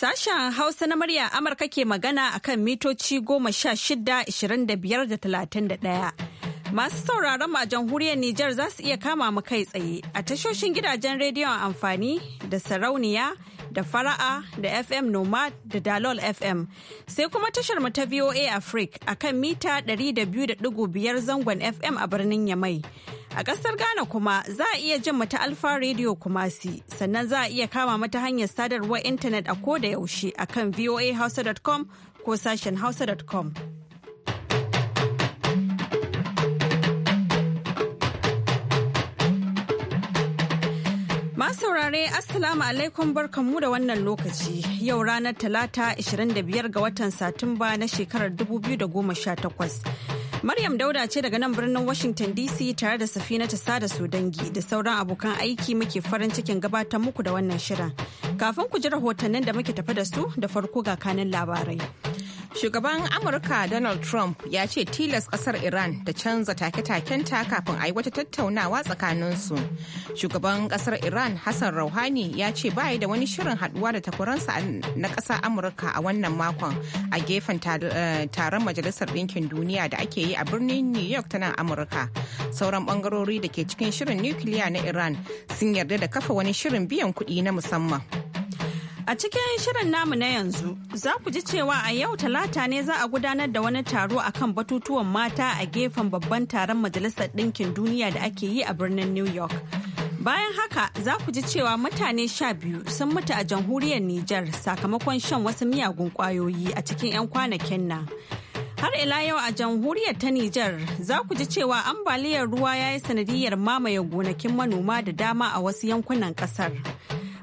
Sashen Hausa na murya Amurka ke magana akan mitoci goma sha shida, ashirin da biyar da talatin da ɗaya. Masu sauraron a jamhuriyar Nijar za su iya kama mu kai tsaye a tashoshin gidajen rediyon amfani da sarauniya da fara'a da FM Nomad da Dalol FM. Sai kuma tashar mu ta VOA Africa a kan mita 200.5 zangon FM a birnin Yamai. A ƙasar Ghana kuma za a iya jin mata Alfa Radio Kumasi sannan za a iya kama mata hanyar sadarwar intanet a ko da yaushe a kan voahausa.com ko sashen hausa.com. masaurare saurare Assalamu alaikum barkanmu da wannan lokaci yau ranar talata 25 ga watan Satumba na shekarar 2018. Maryam Dauda ce daga nan birnin Washington DC tare da safina ta sada su dangi da sauran abokan aiki muke farin cikin gabatar muku da wannan shirin. Kafin ku ji rahotannin da muke tafi da su da farko ga kanin labarai. Shugaban Amurka Donald Trump ya ce tilas kasar Iran ta canza take taken ta kafin a yi wata tattaunawa tsakaninsu. Shugaban kasar Iran Hassan Rouhani ya ce bai da wani shirin haduwa da takwaransa na ƙasar Amurka a wannan makon a gefen eh, taron Majalisar Ɗinkin Duniya da ake yi a birnin New York ta nan Amurka. Sauran bangarori da ke cikin shirin nukiliya na Iran sun yarda da kafa wani shirin biyan kuɗi na musamman. A cikin shirin namu na yanzu za ku ji cewa a yau talata ne za a gudanar da wani taro a kan batutuwan mata a gefen babban taron Majalisar Ɗinkin Duniya da ake yi a birnin New York. Bayan haka za ku ji cewa mutane sha biyu sun mutu a jamhuriyar Nijar sakamakon shan wasu miyagun ƙwayoyi a cikin 'yan kwanakin nan. Har ila yau a jamhuriyar ta Nijar za ku ji cewa ambaliyar ruwa ya yi sanadiyar mamaye gonakin manoma da dama a wasu yankunan ƙasar.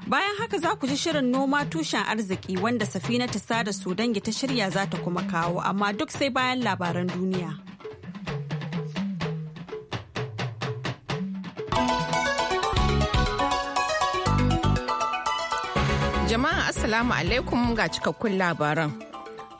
Bayan haka za ku ji shirin noma tushen arziki wanda safina ta sada su dangi ta shirya za ta kuma kawo amma duk sai bayan labaran duniya. Jama'a Assalamu alaikum ga cikakkun labaran.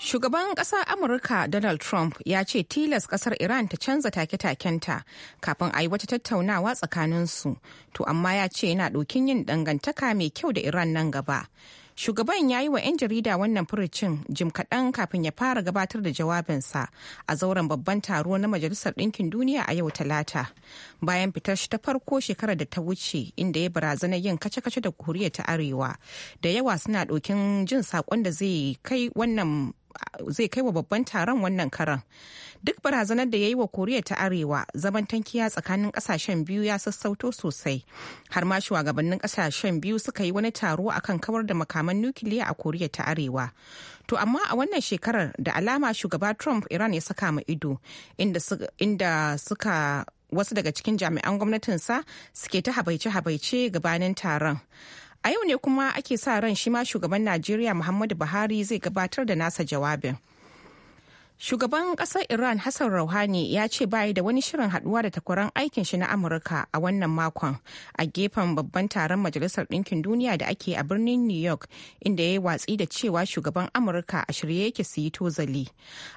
Shugaban ƙasar Amurka Donald Trump ya ce tilas ƙasar Iran ta canza take-takenta kafin a yi wata tattaunawa tsakanin su to amma ya ce yana ɗokin yin dangantaka mai kyau da Iran nan gaba. Shugaban ya yi wa 'yan jarida wannan furucin jim kaɗan kafin ya fara gabatar da jawabinsa a zauren babban taro na Majalisar Ɗinkin Duniya a yau Talata. Bayan fitar shi ta farko shekarar da ta wuce inda ya barazana yin kace-kace da Koriya ta Arewa, da yawa suna ɗokin jin saƙon da zai kai wannan zai kai wa babban taron wannan karan duk barazanar da ya yi wa koriya ta arewa zaman tankiya tsakanin kasashen biyu ya sassauto sosai har ma shugabannin kasashen biyu suka yi wani taro akan kawar da makaman nukiliya a koriya ta arewa to amma a wannan shekarar da alama shugaba trump iran ya saka ma ido inda suka wasu daga cikin jami'an gwamnatinsa suke ta habaice-habaice gabanin taron A yau ne kuma ake sa ran shi ma shugaban Najeriya Muhammadu Buhari zai gabatar da nasa jawabin. Shugaban ƙasar Iran Hassan Rouhani ya ce bayi da wani shirin haduwa da takwaran aikin shi na Amurka a wannan makon a gefen babban taron Majalisar Ɗinkin Duniya da ake a birnin New York inda ya yi watsi da cewa shugaban Amurka a shirye yake su yi tozali.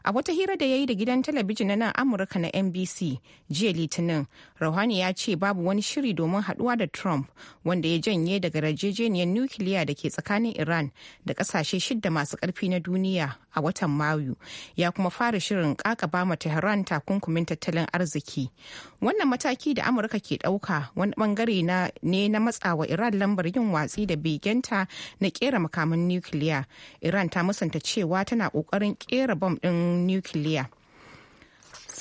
A wata hira da ya yi da gidan talabijin na nan Amurka na NBC jiya Litinin, Rouhani ya ce babu wani shiri domin haduwa da Trump wanda ya janye daga rajejeniyar nukiliya da ke tsakanin Iran da ƙasashe shidda masu karfi na duniya a watan Mayu. Ya kuma fara shirin kakaba ma Tehran takunkumin tattalin arziki. Wannan mataki da Amurka ke ɗauka wani bangare na ne na matsawa Iran lambar yin watsi da begenta na kera makaman nukiliya. Iran ta musanta cewa tana ƙoƙarin kera bom ɗin nukiliya.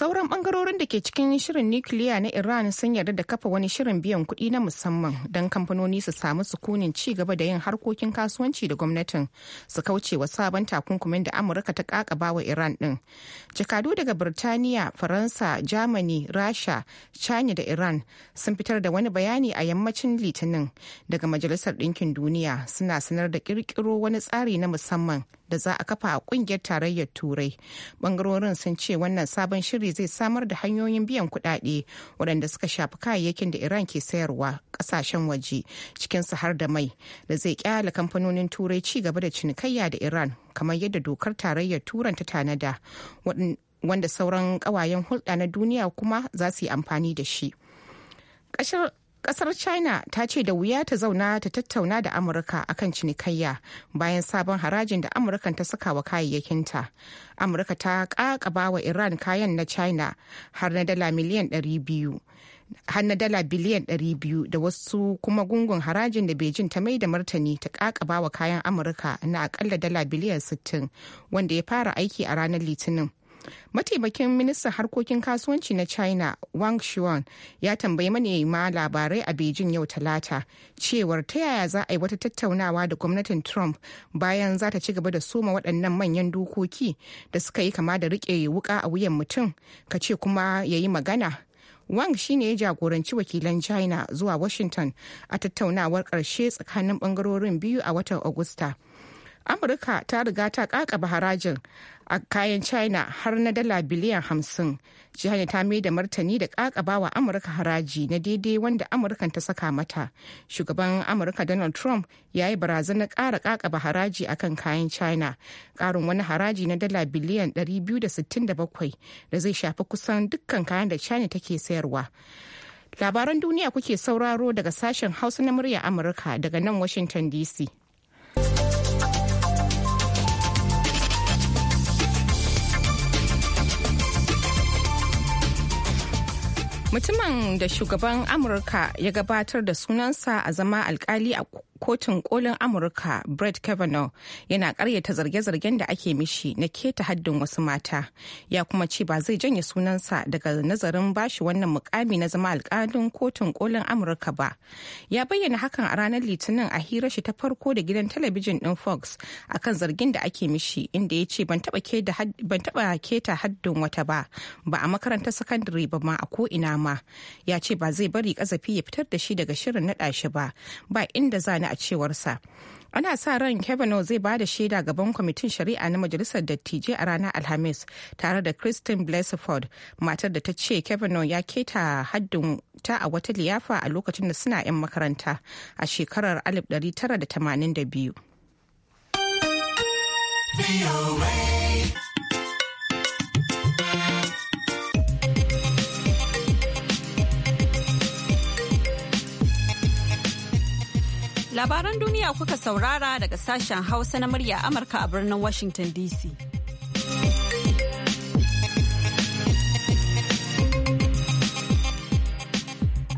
sauran bangarorin da ke cikin shirin nukiliya na iran sun yarda da kafa wani shirin biyan kuɗi na musamman don kamfanoni su samu sukunin ci gaba da yin harkokin kasuwanci da gwamnatin su kauce wa sabon takunkumin da amurka ta kakaba wa iran din jakadu daga birtaniya faransa germany rasha china da iran sun fitar da wani bayani a yammacin litinin daga majalisar ɗinkin duniya suna sanar da ƙirƙiro wani tsari na musamman da za a kafa a kungiyar tarayyar turai bangarorin sun ce wannan sabon shiri zai samar da hanyoyin biyan kuɗaɗe waɗanda suka shafi kayayyakin da iran ke sayarwa ƙasashen waje su har da mai da zai kyale kamfanonin turai ci gaba da cinikayya da iran kamar yadda dokar tarayyar turan ta tanada wanda sauran ƙawayen hulɗa na duniya kuma za su yi amfani da shi. Kasar China ta ce da wuya ta zauna ta tattauna da Amurka akan cinikayya bayan sabon harajin da Amurkan ta saka wa ta Amurka ta kakaba wa Iran kayan na China har na dala miliyan 200. har na dala biliyan 200 da wasu kuma gungun harajin da Beijing ta mai da martani ta kakaba wa kayan Amurka na akalla dala biliyan sittin wanda ya fara aiki a ranar Litinin. mataimakin ministan harkokin kasuwanci na china wang shuan ya tambayi manema labarai a beijing yau talata cewar ta yaya za a yi wata tattaunawa da gwamnatin trump bayan za ta ci gaba da soma waɗannan manyan dokoki da suka yi kama da riƙe wuka a wuyan mutum ka ce kuma ya yi magana Wang shine ya jagoranci wakilan China zuwa Washington a tattaunawar ƙarshe tsakanin ɓangarorin biyu a watan Agusta. amurka ta riga ta kakaba harajin a kayan china har na dala biliyan hamsin jihar ta mai da martani da kakaba wa amurka haraji na daidai wanda amurkan ta saka mata shugaban amurka donald trump ya yi barazanar kara kakaba haraji akan kayan china karin wani haraji na dala biliyan 267 da zai shafi kusan dukkan kayan da china take sayarwa labaran duniya kuke sauraro daga sashen hausa na murya amurka daga nan washington dc mutumin da shugaban amurka ya gabatar da sunansa a zama alkali a kotun kolin amurka brett kavanaugh yana karyata zarge-zargen da ake mishi na keta haddin wasu mata ya kuma ce ba zai janye sunansa daga nazarin bashi wannan mukami na zama alkalin kotun kolin amurka ba ya bayyana hakan a ranar litinin a hirar shi ta farko da gidan talabijin din fox akan zargin da ake mishi inda ya ce ban taba keta haddin wata ba ba a makarantar sakandare ba ma a ko ina ma ya ce ba zai bari kazafi ya fitar da shi daga shirin naɗa shi ba ba inda za ni a cewarsa. ana sa ran kavanaugh zai ba da shaida gaban kwamitin shari'a na majalisar dattijai a ranar alhamis tare da christine blessford matar da ta ce kavanaugh ya keta haddin ta a wata liyafa a lokacin da suna 'yan makaranta a shekarar 1982 Labaran duniya kuka saurara daga sashen Hausa na murya Amurka a birnin Washington DC.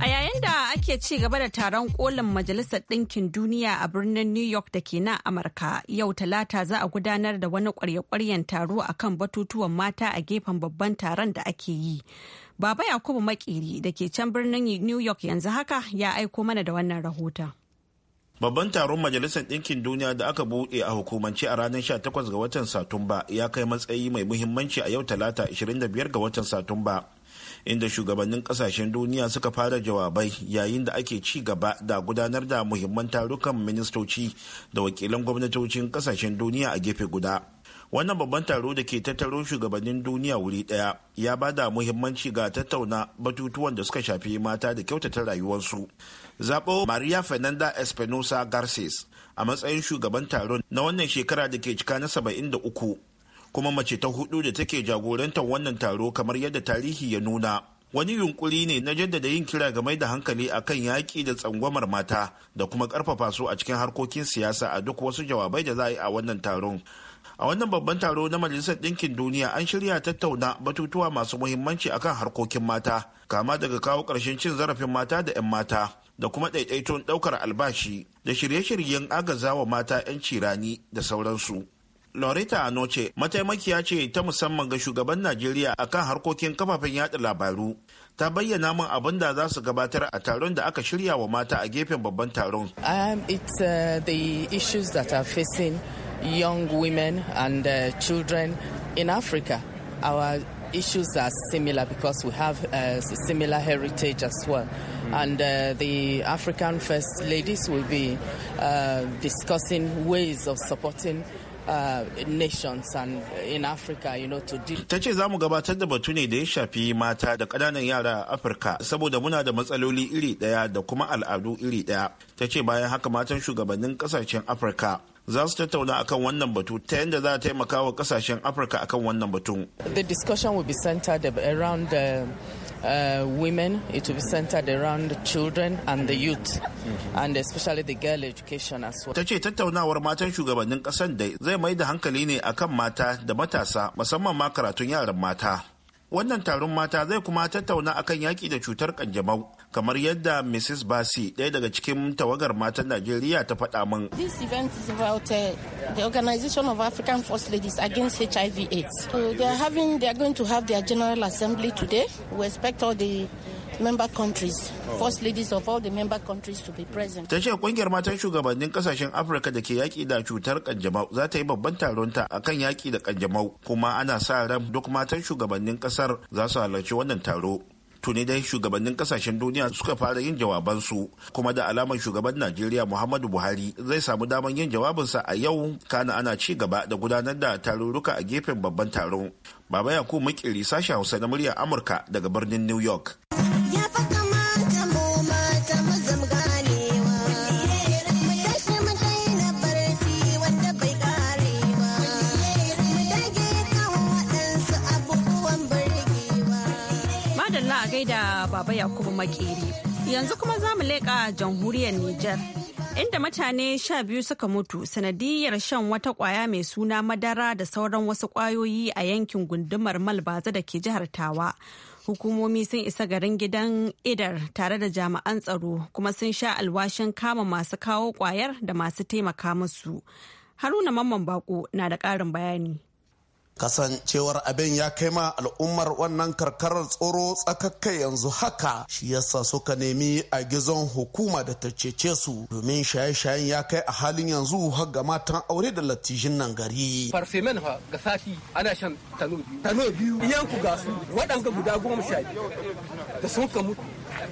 A yayin da ake ci gaba da taron kolin Majalisar Ɗinkin Duniya a birnin New York da ke nan Amurka, yau Talata za a gudanar da wani ƙwarya-ƙwaryen taro a kan batutuwan mata a gefen babban taron da ake yi. Baba Yakubu Makiri da ke can birnin New York yanzu haka ya aiko mana da wannan rahoton. Babban taron Majalisar Ɗinkin Duniya da aka buɗe a hukumance a ranar 18 ga watan Satumba ya kai matsayi mai muhimmanci a yau Talata 25 ga watan Satumba. Inda shugabannin ƙasashen duniya suka fara jawabai yayin da ake ci gaba da gudanar da muhimman tarukan ministoci da wakilan gwamnatocin ƙasashen duniya a gefe guda. wannan babban taro da ke tattaro shugabannin duniya wuri daya ya ba da muhimmanci ga tattauna batutuwan da suka shafi mata da kyautata rayuwarsu zaɓo maria fernanda espinosa garces a matsayin shugaban taron na wannan shekara da ke cika na 73 kuma mace ta hudu da take jagorantar wannan taro kamar yadda tarihi ya nuna wani yunkuri ne na jaddada yin kira ga mai da hankali akan yaƙi da tsangwamar mata da kuma ƙarfafa su a cikin harkokin siyasa a duk wasu jawabai da za a yi a wannan taron a wannan babban taro na majalisar ɗinkin duniya an shirya tattauna batutuwa masu muhimmanci akan harkokin mata kama daga kawo ƙarshen cin zarafin mata da 'yan mata da kuma ɗaiɗaiton ɗaukar albashi da shirye-shiryen agazawa mata 'yanci rani da sauransu Loretta Anoche mataimakiya ce ta musamman ga shugaban Najeriya akan harkokin kafafen yada labaru ta bayyana min abin da za su gabatar a taron da aka shirya wa mata a gefen babban taron. Um, it's uh, the issues that are facing young women and uh, children in Africa. Our issues are similar because we have a uh, similar heritage as well. Mm. And uh, the African First Ladies will be uh, discussing ways of supporting. Uh, nations and uh, in Africa, you know, to deal. Ta ce za mu gabatar da batu ne da ya shafi mata da ƙananan yara a Afirka saboda muna da matsaloli iri ɗaya da kuma al'adu iri ɗaya. Ta ce bayan haka matan shugabannin ƙasashen Afirka za su tattauna akan wannan batu ta yadda za a taimaka wa kasashen afirka akan wannan batun the discussion will be centered around the uh, uh, women, it will be centered around the children and the youth, and especially the girl education as well. Ta ce tattaunawar matan shugabannin kasan da zai mai da hankali ne akan mata da matasa musamman ma karatun yaran mata. wannan taron mata zai kuma tattauna akan yaƙi da cutar kanjamau kamar yadda mrs basi ɗaya daga cikin tawagar matan najeriya ta faɗa min this event is about uh, the organization of african first ladies against hiv aids so they are having they are going to have their general assembly today we expect all the member countries, first ladies of all the member countries to be present. Ta ce kungiyar matan shugabannin kasashen Afirka da ke yaki da cutar kanjamau za ta yi babban taron taronta akan yaki da kanjamau kuma ana sa ran duk matan shugabannin kasar za su halarci wannan taro. tuni dai shugabannin kasashen duniya suka fara yin jawabansu kuma da alamar shugaban najeriya muhammadu buhari zai samu damar yin jawabinsa a yau kana ana ci gaba da gudanar da tarurruka a gefen babban taron baba yakubu mukiri sashen hausa na muryar amurka daga birnin new york da Baba Yakubu Makeri. Yanzu kuma za mu leƙa jamhuriyar Nijar. Inda mutane sha biyu suka mutu sanadiyar shan wata ƙwaya mai suna madara da sauran wasu ƙwayoyi a yankin gundumar Malbaza da ke jihar Tawa. hukumomi sun isa garin gidan idar tare da jami'an tsaro kuma sun sha alwashin kama masu kawo kwayar da masu taimaka musu haruna mamman bako na da ƙarin bayani kasancewar abin ya kai ma al'ummar wannan karkarar tsoro tsakakkai yanzu haka shi yasa suka nemi a gizon hukuma da ta cece su domin shaye-shayen ya kai a halin yanzu har ga matan aure da latijin nan gari farfemen fa ga sati ana shan tano biyu tano biyu iyan ku gasu waɗanga guda goma sha da sun ka mutu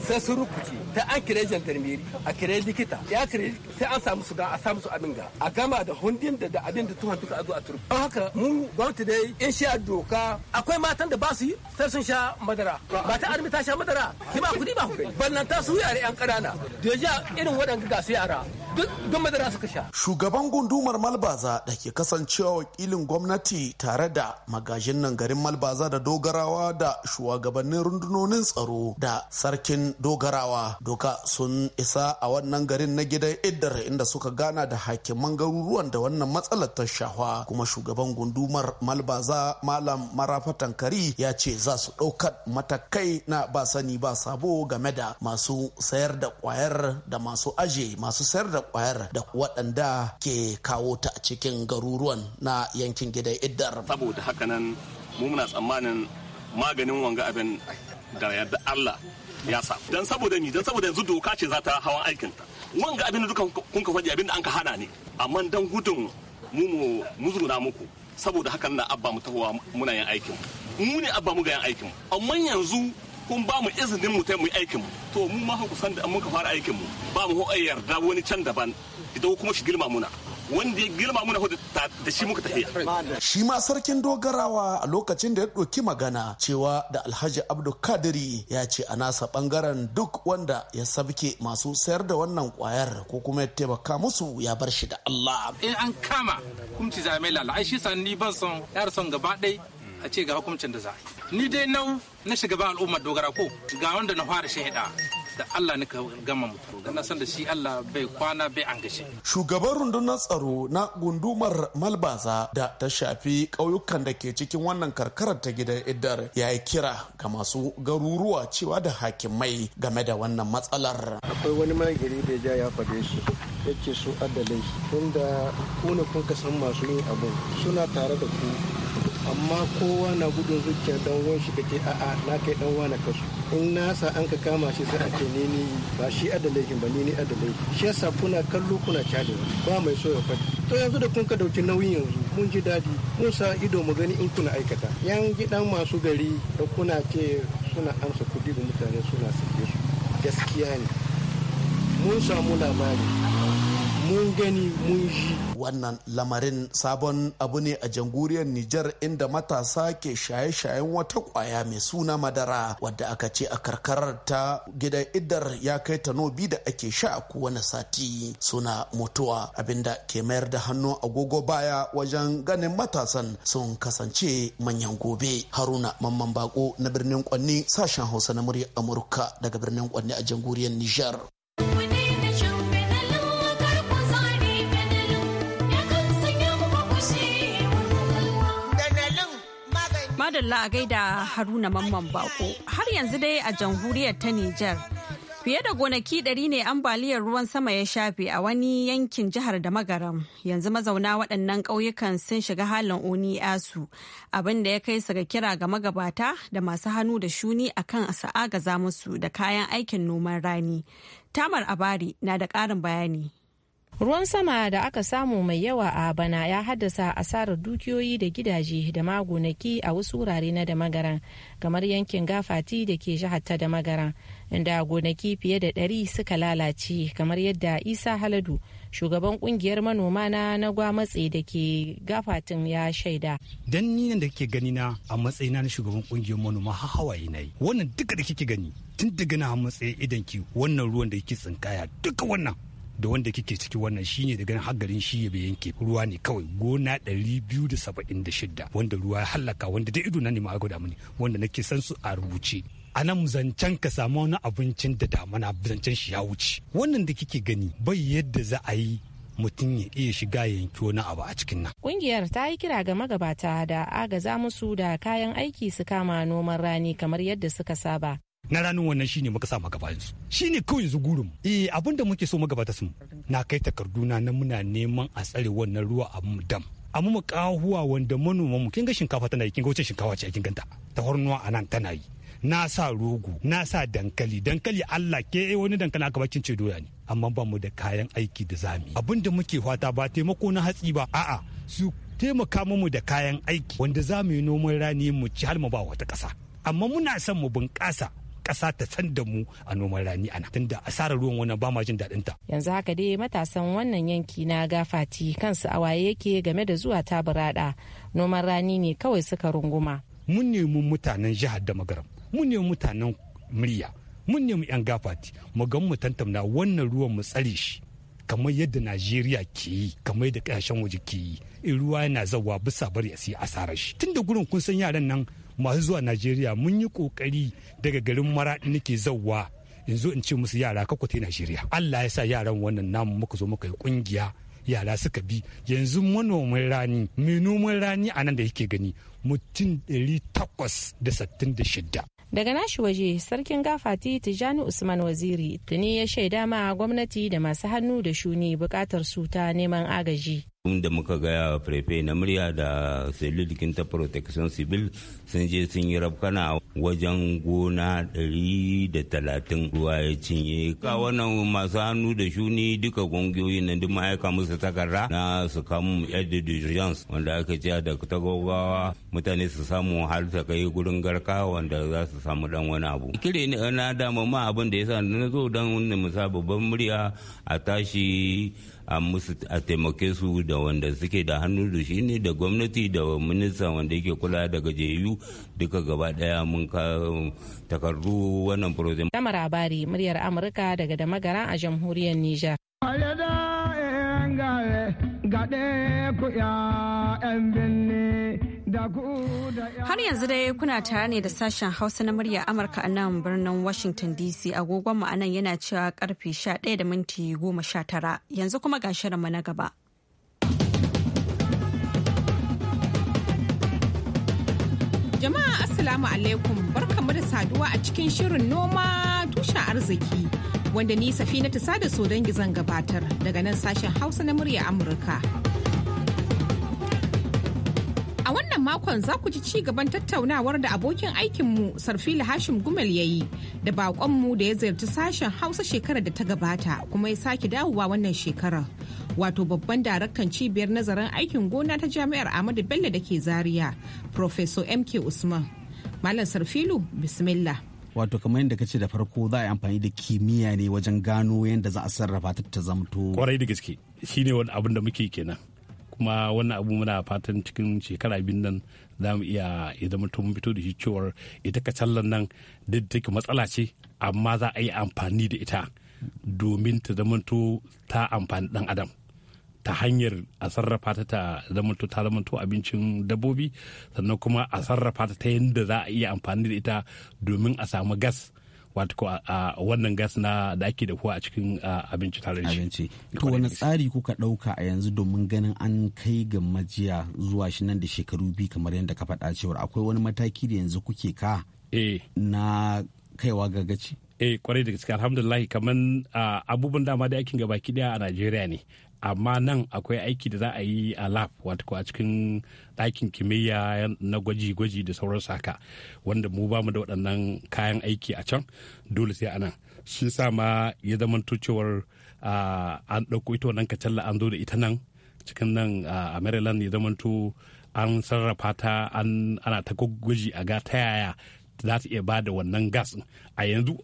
sai sun rukuce ta an kire jandarmeri a kire likita ya kire sai an samu su ga a samu su abin ga a gama da hundin da abin da tuhan duka a zo a turu haka mu gwamnati dai in sha doka akwai matan da ba su yi sai sun sha madara ba ta armi ta sha madara ki ba kudi ba kuɗi ballan ta su yare yan kanana da ja irin waɗanda ga su yara duk madara suka sha. Shugaban gundumar Malbaza da ke kasancewa wakilin gwamnati tare da magajin nan garin Malbaza da dogarawa da shugabannin rundunonin tsaro da sarkin dogarawa doka sun isa a wannan garin na gidan Iddar inda suka gana da hakiman garuruwan da wannan matsalar ta shahwa kuma shugaban gundumar Malbaza albaza malam marafa tankari ya ce za su ɗaukar matakai na ba sani ba sabo game da masu sayar da kwayar da masu aje masu sayar da kwayar da waɗanda ke kawo ta a cikin garuruwan na yankin gidan iddar saboda haka nan mu muna tsammanin maganin wanga abin da yadda Allah ya sa dan saboda ni dan saboda yanzu doka ce za ta aikin ta wanga abin da dukan kun ka faɗi abin da an ka hana ne amma dan gudun mu mu muzguna muku saboda hakan na abba mu tahowa muna yin aikin mu ne abba mu ga yin aikin amma yanzu kun ba mu izinin mu mu aikin to mu ma ku san da mun ka fara aikin mu ba mu ho yarda wani can daban idan kuma shi girma muna wanda ya girma muna da shi muka tafiya. Shi ma sarkin dogarawa a lokacin da ya ɗauki magana cewa da Alhaji Abdul Kadiri ya ce a nasa bangaren duk wanda ya sabke masu sayar da wannan kwayar ko kuma ya taimaka musu ya bar shi da Allah. In an kama kumci zame lala ai shi sa ni ban son yar son gaba ɗai a ce ga hukuncin da za a yi. Ni dai nau na shiga ba al'ummar dogara ko ga wanda na fara shahida da Allah ne ka gama mutu san da shi Allah bai kwana bai an gashi shugaban rundunar tsaro na gundumar Malbaza da ta shafi ƙauyukan da ke cikin wannan karkarar ta gidan Idar ya yi kira ga masu garuruwa cewa da hakimai game da wannan matsalar akwai wani magiri da ja ya faɗe shi yake su adalai tunda kuna kun san masu yin abu suna tare da ku amma kowa na gudun zuciyar dan uwan shi kake a'a na kai dan uwa kasu in nasa sa an ka kama shi sai ake nini ba shi adalaihin ba ni adalai shi yasa kuna kallo kuna cale ba mai so ya faɗi to yanzu da kun ka dauki nauyin yanzu mun ji dadi mun sa ido mu gani in kuna aikata yan gidan masu gari da kuna ce suna amsa kudi da mutane suna sake su gaskiya ne mun samu labari mun gani mun ji wannan lamarin sabon abu ne a janguriyar Nijar inda matasa ke shaye-shayen wata kwaya mai suna madara wadda aka ce a karkarar ta gidan idar ya kai tanobi da ake sha a kowane sati suna mutuwa abinda ke mayar da hannu agogo baya wajen ganin matasan sun kasance manyan gobe haruna mamman bako na birnin kwanni sashen hausa na murya amurka daga birnin kwanni a janguriyar Nijar. madalla a gaida haruna mamman bako har yanzu dai a jamhuriyar ta Nijar. Fiye da gonaki ɗari ne ambaliyar ruwan sama ya shafe a wani yankin jihar da magaram. Yanzu mazauna waɗannan ƙauyukan sun shiga halin oni asu abin da ya kai su ga kira ga magabata da masu hannu da shuni a kan ga musu da kayan aikin noman rani. Tamar Abari na da ƙarin bayani. ruwan sama da aka samu mai yawa a bana ya haddasa asarar dukiyoyi da gidaje da magonaki a wasu wurare na da magaran kamar yankin gafati da ke jihar da magaran inda gonaki fiye da ɗari suka lalace kamar yadda isa haladu shugaban kungiyar manoma na nagwa matse da ke gafatin ya shaida. Dan ni nan da kike gani na a matsayina na shugaban kungiyar manoma ha hawaye na yi. Wannan duka da kike gani tun daga na matsayi idan ki wannan ruwan da kike tsinkaya duka wannan da wanda kike ciki wannan shine da ganin hagarin shi ya yanke ruwa ne kawai gona 276 wanda ruwa ya hallaka wanda da ido na ne ma damu mini wanda nake san su a rubuce a nan zancen ka samu wani abincin da damana zancen shi ya wuce wannan da kike gani bai yadda za a yi mutum ya iya shiga yanki wani abu a cikin nan. Kungiyar ta yi kira ga magabata da agaza musu da kayan aiki su kama noman rani kamar yadda suka saba na ranar wannan shine muka sa magabayan su shine kawai yanzu gurin mu eh abin da muke so magabata su na kai takarduna na muna neman a tsare wannan ruwa a dam amma mu kahuwa wanda manoman mu kin shinkafa tana yi kin ga shinkafa ce kin ganta ta hornuwa anan tana yi na sa rogo na sa dankali dankali Allah ke eh, wani dankali aka bakin ce doya ne amma ba mu da kayan aiki da zami abin da muke fata ba taimako na hatsi ba a'a su taimaka mu da kayan aiki wanda zamu yi noman rani mu ci har mu ba wata ƙasa amma muna son mu bunƙasa ƙasa ta san da mu a noman rani ana tunda asarar ruwan wannan ba ma jin daɗin ta. Yanzu haka dai matasan wannan yanki na gafati kansu a waye yake game da zuwa ta burada noman rani ne kawai suka runguma. Mun nemi mutanen jihar da magaram, mun nemi mutanen murya, mun nemi 'yan gafati, mu gan mu tantamna wannan ruwan mu tsare shi. kamar yadda Najeriya ke yi kamar yadda ƙasashen waje ke yi in ruwa yana zawa bisa bari a sai asarar shi Tunda gurin kun san yaran nan masu zuwa najeriya mun yi kokari daga garin mara nake zauwa in zo in ce musu yara ka kwate najeriya allah ya sa yaran wannan namu muka zo muka yi kungiya yara suka bi yanzu manoman rani mai noman rani a nan da yake gani mutum takwas da da shidda daga nashi waje sarkin gafati tijjani usman waziri tuni ya shaida ma gwamnati da masu hannu da shuni bukatar su ta neman agaji da muka gaya wa prefe na murya da selidikin ta protection civil sun je sun yi rafkana wajen gona ɗari da talatin. ruwa ya cinye ka wannan masu hannu da shuni duka kungiyoyi na duk ma'aika musu takarda na su kamu yadda diligence wanda aka ce da ta mutane su samu har ta kai gurin garka wanda za su samu dan wani abu kire na dama ma abin da ya sa na zo don mu musa babban murya a tashi an musu a taimake su da wanda suke da hannu da shi ne da gwamnati da minista wanda yake kula da gajeyu duka gaba daya mun ka takardu wannan project. Lamar labari muryar Amurka daga da a jamhuriyar Nijar. Eh, Gaɗe ku ya 'yan birni Har yanzu dai kuna tare ne da sashen Hausa na murya Amurka a nan birnin Washington DC agogon mu anan yana cewa karfe 11 da minti 19 yanzu kuma ga shirinmu na gaba. Jama'a Assalamu alaikum barkamu da saduwa a cikin shirin noma tushen arziki wanda ni Safina ta Sada sodan zan gabatar daga nan sashen Hausa na murya Amurka. makon za ku ji ci gaban tattaunawar da abokin aikinmu sarfila hashim gumel ya yi da baƙonmu da ya ziyarci sashen hausa shekarar da ta gabata kuma ya sake dawowa wannan shekarar wato babban daraktan cibiyar nazarin aikin gona ta jami'ar ahmadu bello da ke zaria professor mk usman malam sarfilu bismillah wato kamar yadda ce da farko za a yi amfani da kimiyya ne wajen gano yadda za a sarrafa ta ta zamto kwarai da gaske shine wani abin da muke kenan kuma wannan abu muna fatan cikin shekara abin nan za mu iya idan zama fito da shi cewar ita kacallan nan duk take matsala ce amma za a yi amfani da ita domin ta zamanto ta amfani dan adam ta hanyar a sarrafa ta ta zamanto ta zamanto abincin dabbobi sannan kuma a sarrafa ta ta yadda za a iya amfani da ita domin a samu gas wato a wannan gas na da ake da kuwa a cikin abinci tare da shi to wani tsari kuka ɗauka a yanzu domin ganin an kai ga majiya zuwa shi nan da shekaru biyu kamar yadda ka faɗa cewar akwai wani mataki da yanzu kuke ka eh. na kaiwa ga gaci eh kwarai da gaske alhamdulillah kamar abubuwan dama da aikin gaba daya a Najeriya ne amma nan akwai aiki da za a yi a lab wato a cikin ɗakin kimiyya na gwaji-gwaji da sauran haka wanda mu ba mu da waɗannan kayan aiki a can dole sai a nan. shi sa ma ya zamanto cewar an ɗauko ita wannan kacalla an zo da ita nan cikin nan a maryland ya zamanto an sarrafa ta ana ta gwaji a ga ta yaya za ta iya ba da wannan gas a yanzu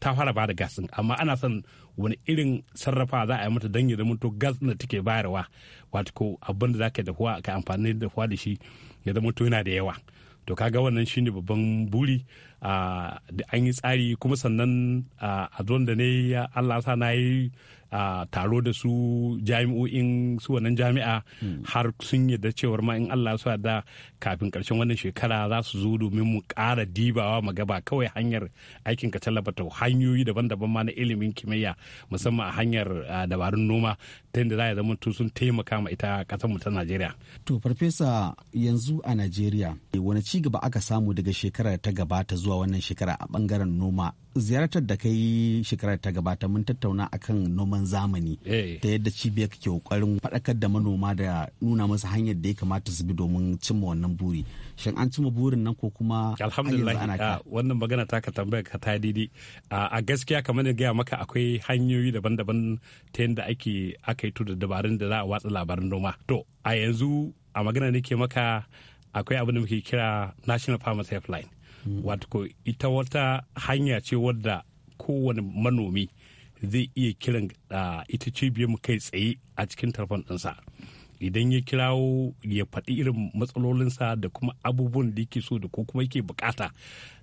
ta fara ba gas gasin amma ana son wani irin sarrafa za a yi mata don ya zama to gas da take bayarwa wato ko abin da zaka dafuwa ka amfani da dafuwa da shi ya zama to yana da yawa to kaga wannan shine babban buri da an yi tsari kuma sannan a zuwan da ne Allah sa na yi a taro da su jami'o'in su wannan jami'a har sun yarda cewar ma in Allah su da kafin karshen wannan shekara za su zo domin mu ƙara dibawa ma gaba kawai hanyar aikin ka tallafata hanyoyi daban-daban ma na ilimin kimiyya musamman a hanyar dabarun noma ta yadda za ya zama sun taimaka ma ita ƙasar mu ta Najeriya. To farfesa yanzu a Najeriya wani ci gaba aka samu daga shekarar ta gabata zuwa wannan shekara a bangaren noma ziyartar da kai shekarar ta gabata mun tattauna akan noman zamani eh. ta yadda cibiyar ke kokarin faɗakar da manoma da nuna masa hanyar da ya kamata su bi domin cimma wannan buri shin an cimma burin nan ko kuma alhamdulillah wannan magana ta ka tambaya ka ta daidai a gaskiya kamar da gaya maka akwai hanyoyi daban-daban ta yadda ake aka yi da dabarun da za a watsa labarin noma to a yanzu a magana nake maka akwai abin da muke kira national farmers helpline Mm. wato ita wata hanya ce wadda kowane manomi zai iya kiran ita cibiyar mu kai tsaye a cikin tarfon ɗinsa idan ya kirawo ya faɗi irin matsalolinsa da kuma abubuwan da yake so da ko kuma yake bukata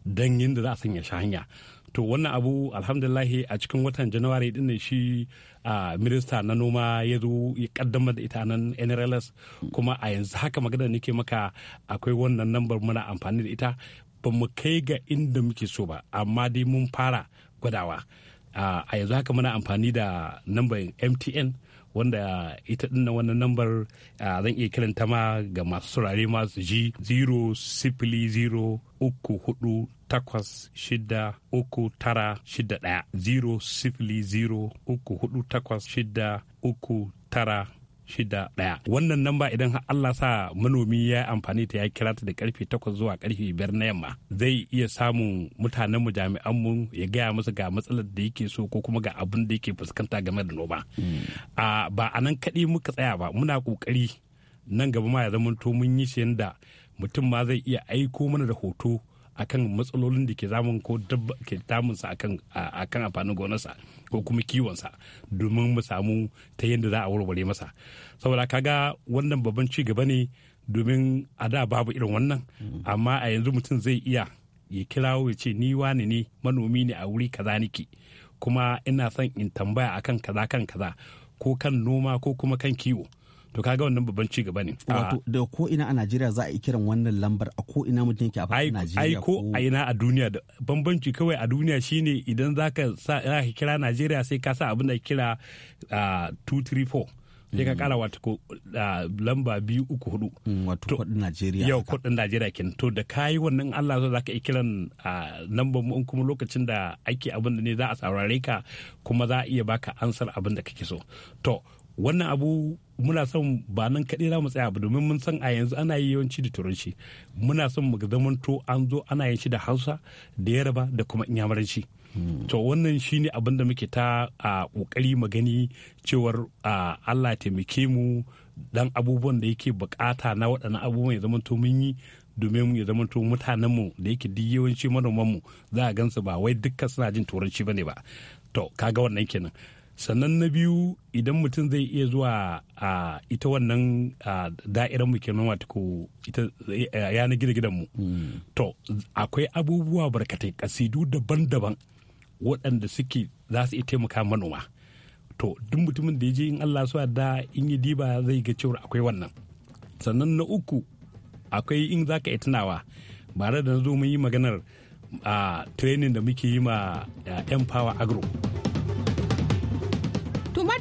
don yadda za a sanya shi hanya to wannan abu alhamdulahi a cikin watan janawari din shi a minista na noma ya zo ya kaddamar da ita nan nrls kuma a yanzu haka magana nake maka akwai wannan nambar muna amfani da ita ba mu kai ga inda muke so ba amma dai mun fara gwadawa a yanzu haka muna amfani da nambar mtn wanda ita dinnan wannan nambar zan iya kiranta ma ga masu saurare masu ji 0 0 uku hudu takwas uku 0 0 uku hudu takwas shida ɗaya wannan namba idan har Allah sa manomi ya amfani ta ya kira ta da karfe takwas zuwa karfe biyar na yamma zai iya samun mutanen mu jami'an mu ya gaya musu ga matsalar da yake so ko kuma ga abun da yake fuskanta game da noma ba a nan kaɗi muka tsaya ba muna ƙoƙari nan gaba ma ya zama to mun yi shi yanda mutum ma zai iya aiko mana da hoto akan matsalolin da ke zamun ko dabba ke damunsa akan amfanin gonarsa ko kuma kiwonsa domin mu samu ta yadda za a warware masa saboda kaga wannan babban ci gaba ne domin a da babu irin wannan amma a yanzu mutum zai iya ya kirawo ya ce ni wani ne manomi ne a wuri kaza niki kuma ina son in tambaya akan kaza kan kaza ko kan noma ko kuma kan kiwo to kaga wannan babban ci gaba ne wato da ko ina a Najeriya za a yi kiran wannan lambar a ko ina mutum yake a faɗin Najeriya ai ko a ina a duniya da bambanci kawai a duniya shine idan zaka sa zaka kira Najeriya sai ka sa abin da kira 234 sai ka kara mm. wata ko lamba biyu uku hudu. Mm, wato kudin Najeriya. Yau kudin Najeriya kin to da kayi wannan Allah zo za ka yi kiran lambar mu kuma lokacin da ake abin da ne za a saurare ka kuma za a iya baka ansar abin da kake so. To wannan abu muna son ba nan kaɗai za mu tsaya ba domin mun san a yanzu ana yi yawanci da turanci muna son mu to an zo ana yin shi da hausa da yaraba da kuma inyamuranci to wannan shine abin da muke ta a ƙoƙari mu cewar allah taimake mu dan abubuwan da yake bukata na waɗannan abubuwan ya to mun yi domin ya zama to mutanenmu da yake duk yawanci manomanmu za a gansu ba wai dukkan suna jin turanci bane ba to kaga wannan kenan sannan na biyu idan mutum zai iya zuwa a ita wannan da'irar mu kenan wata ko ita yanar gidan mu hmm. to akwai abubuwa barkatai kasidu daban-daban waɗanda suke za su iya taimaka manoma to duk mutumin da ya je in Allah su da in yi diba zai ga cewa akwai wannan sannan na uku akwai in za ka tunawa ba da na zo mun yi maganar a training da muke yi ma empower agro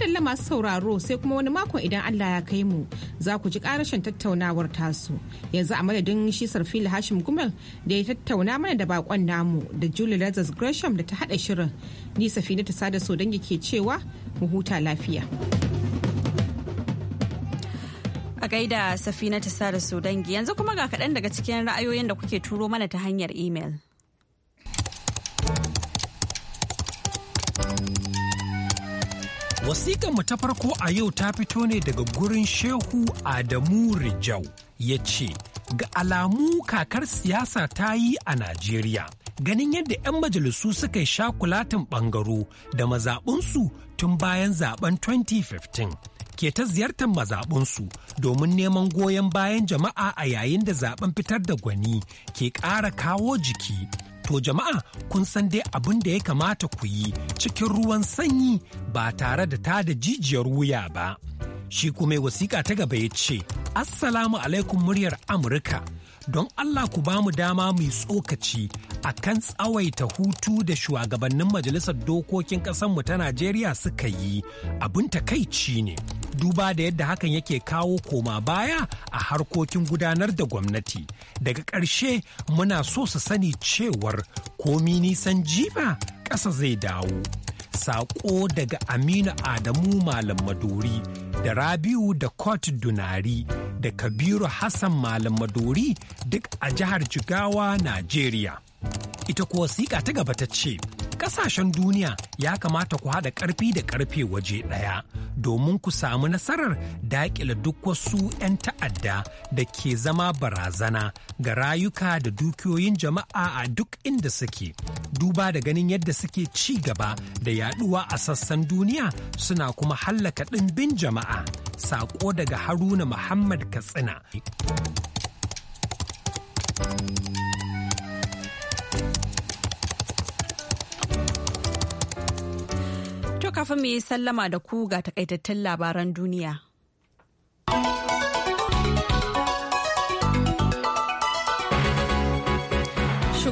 madalla masu sauraro sai kuma wani mako idan Allah ya kai mu za ku ji karashin tattaunawar tasu yanzu a madadin shi sarfil hashim gumal da ya tattauna mana da bakon namu da julie lazarus gresham da ta hada shirin ni safina ta sada so dangi ke cewa mu huta lafiya a gaida safina ta sada so dangi yanzu kuma ga kaɗan daga cikin ra'ayoyin da kuke turo mana ta hanyar imel. mu ta farko a yau ta fito ne daga gurin Shehu Adamu Rijau ya ce, Ga alamu kakar siyasa ta yi a Najeriya. Ganin yadda 'yan majalisu suka yi shakulatin ɓangaro da mazaɓinsu tun bayan zaben 2015. ke ta ziyartar mazaɓinsu domin neman goyon bayan jama'a a yayin da zaben fitar da gwani ke ƙara kawo jiki To jama'a kun san dai abin da ya kamata ku yi cikin ruwan sanyi ba tare da ta da jijiyar wuya ba. Shi kuma wasiƙa ta gaba ya ce, Assalamu alaikum muryar Amurka. don Allah ku ba mu dama mai tsokaci a kan tsawaita hutu da shugabannin majalisar dokokin mu ta Najeriya suka yi abin takaici ne. Duba da yadda hakan yake kawo koma baya a harkokin gudanar da gwamnati. Daga ƙarshe muna so su sani cewar komi nisan jiba ƙasa zai dawo. Saƙo daga Aminu Adamu Malam Maduri da Rabiu da Kot Dunari. da Kabiru Hassan Malam Madori duk a jihar Jigawa, Najeriya. Ita kuwa sika ta gaba ta ce, Ƙasashen duniya ya kamata ku haɗa ƙarfi da ƙarfe waje ɗaya domin ku samu nasarar daƙila duk wasu 'yan ta'adda da ke zama barazana ga rayuka da dukiyoyin jama'a a duk inda suke. Duba da ganin yadda suke ci gaba da yaɗuwa a sassan duniya suna kuma hallaka ɗimbin jama'a. Saƙo daga Haruna Muhammad Katsina. To kafin mu yi sallama da ku ga takaitattun labaran duniya.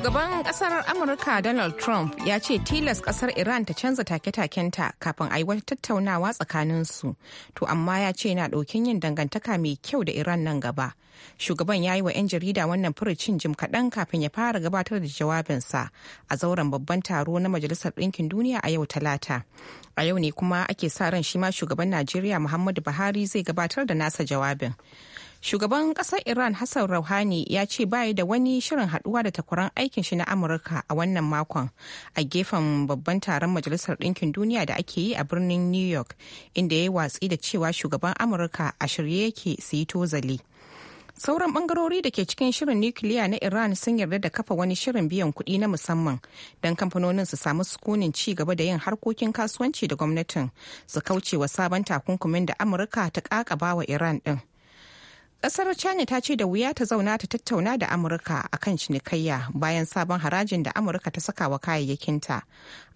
Shugaban kasar Amurka Donald Trump ya ce tilas kasar Iran ta canza take-takenta kafin a yi wata tattaunawa tsakanin su To amma ya ce na ɗokin yin dangantaka mai kyau da Iran nan gaba. Shugaban ya yi wa 'yan jarida wannan furucin jim kaɗan kafin ya fara gabatar da jawabinsa a zauren babban taro na Majalisar Ɗinkin Duniya a yau Talata. A yau ne kuma ake sa ran shi ma shugaban Najeriya Muhammadu Buhari zai gabatar da nasa jawabin. Shugaban kasar Iran Hassan Rouhani ya ce bayi da wani shirin haduwa da takwaran aikin shi na Amurka a wannan makon a gefen babban taron Majalisar Ɗinkin Duniya da ake yi a birnin New York inda ya yi watsi da cewa shugaban Amurka a shirye yake su yi tozali. sauran bangarori da ke cikin shirin nukiliya na iran sun yarda da kafa wani shirin biyan kuɗi na musamman don kamfanonin su samu sukunin ci gaba da yin harkokin kasuwanci da gwamnatin su kauce wa sabon takunkumin da amurka ta kakaba wa iran din Ƙasar China ta ce da wuya ta zauna ta tattauna da Amurka a kan cinikayya bayan sabon harajin da Amurka ta saka wa kayayyakinta.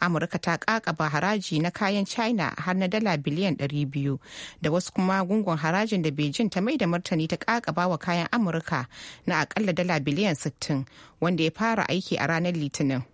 Amurka ta ƙaƙaba haraji na kayan China har na dala biliyan 200 da wasu kuma gungun harajin da Beijing ta mai da martani ta ƙaƙabawa wa kayan Amurka na akalla dala biliyan 60 wanda ya fara aiki a ranar Litinin.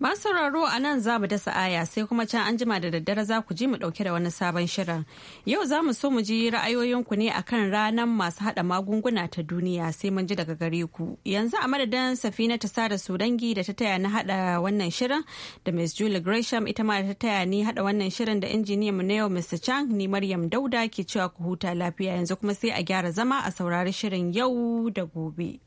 Masu sauraro a nan za mu dasa aya sai kuma can an jima da daddare za ku ji mu dauke da wani sabon shirin. Yau za mu so mu ji ra'ayoyinku ne akan ranar masu hada magunguna ta duniya sai mun ji daga gare ku. Yanzu a madadin Safina ta sada dangi da ta taya na hada wannan shirin da Ms. Julie Gresham ita ma ta taya ni hada wannan shirin da injiniya mu na yau Mr. Chang ni Maryam Dauda ke cewa ku huta lafiya yanzu kuma sai a gyara zama a saurari shirin yau da gobe.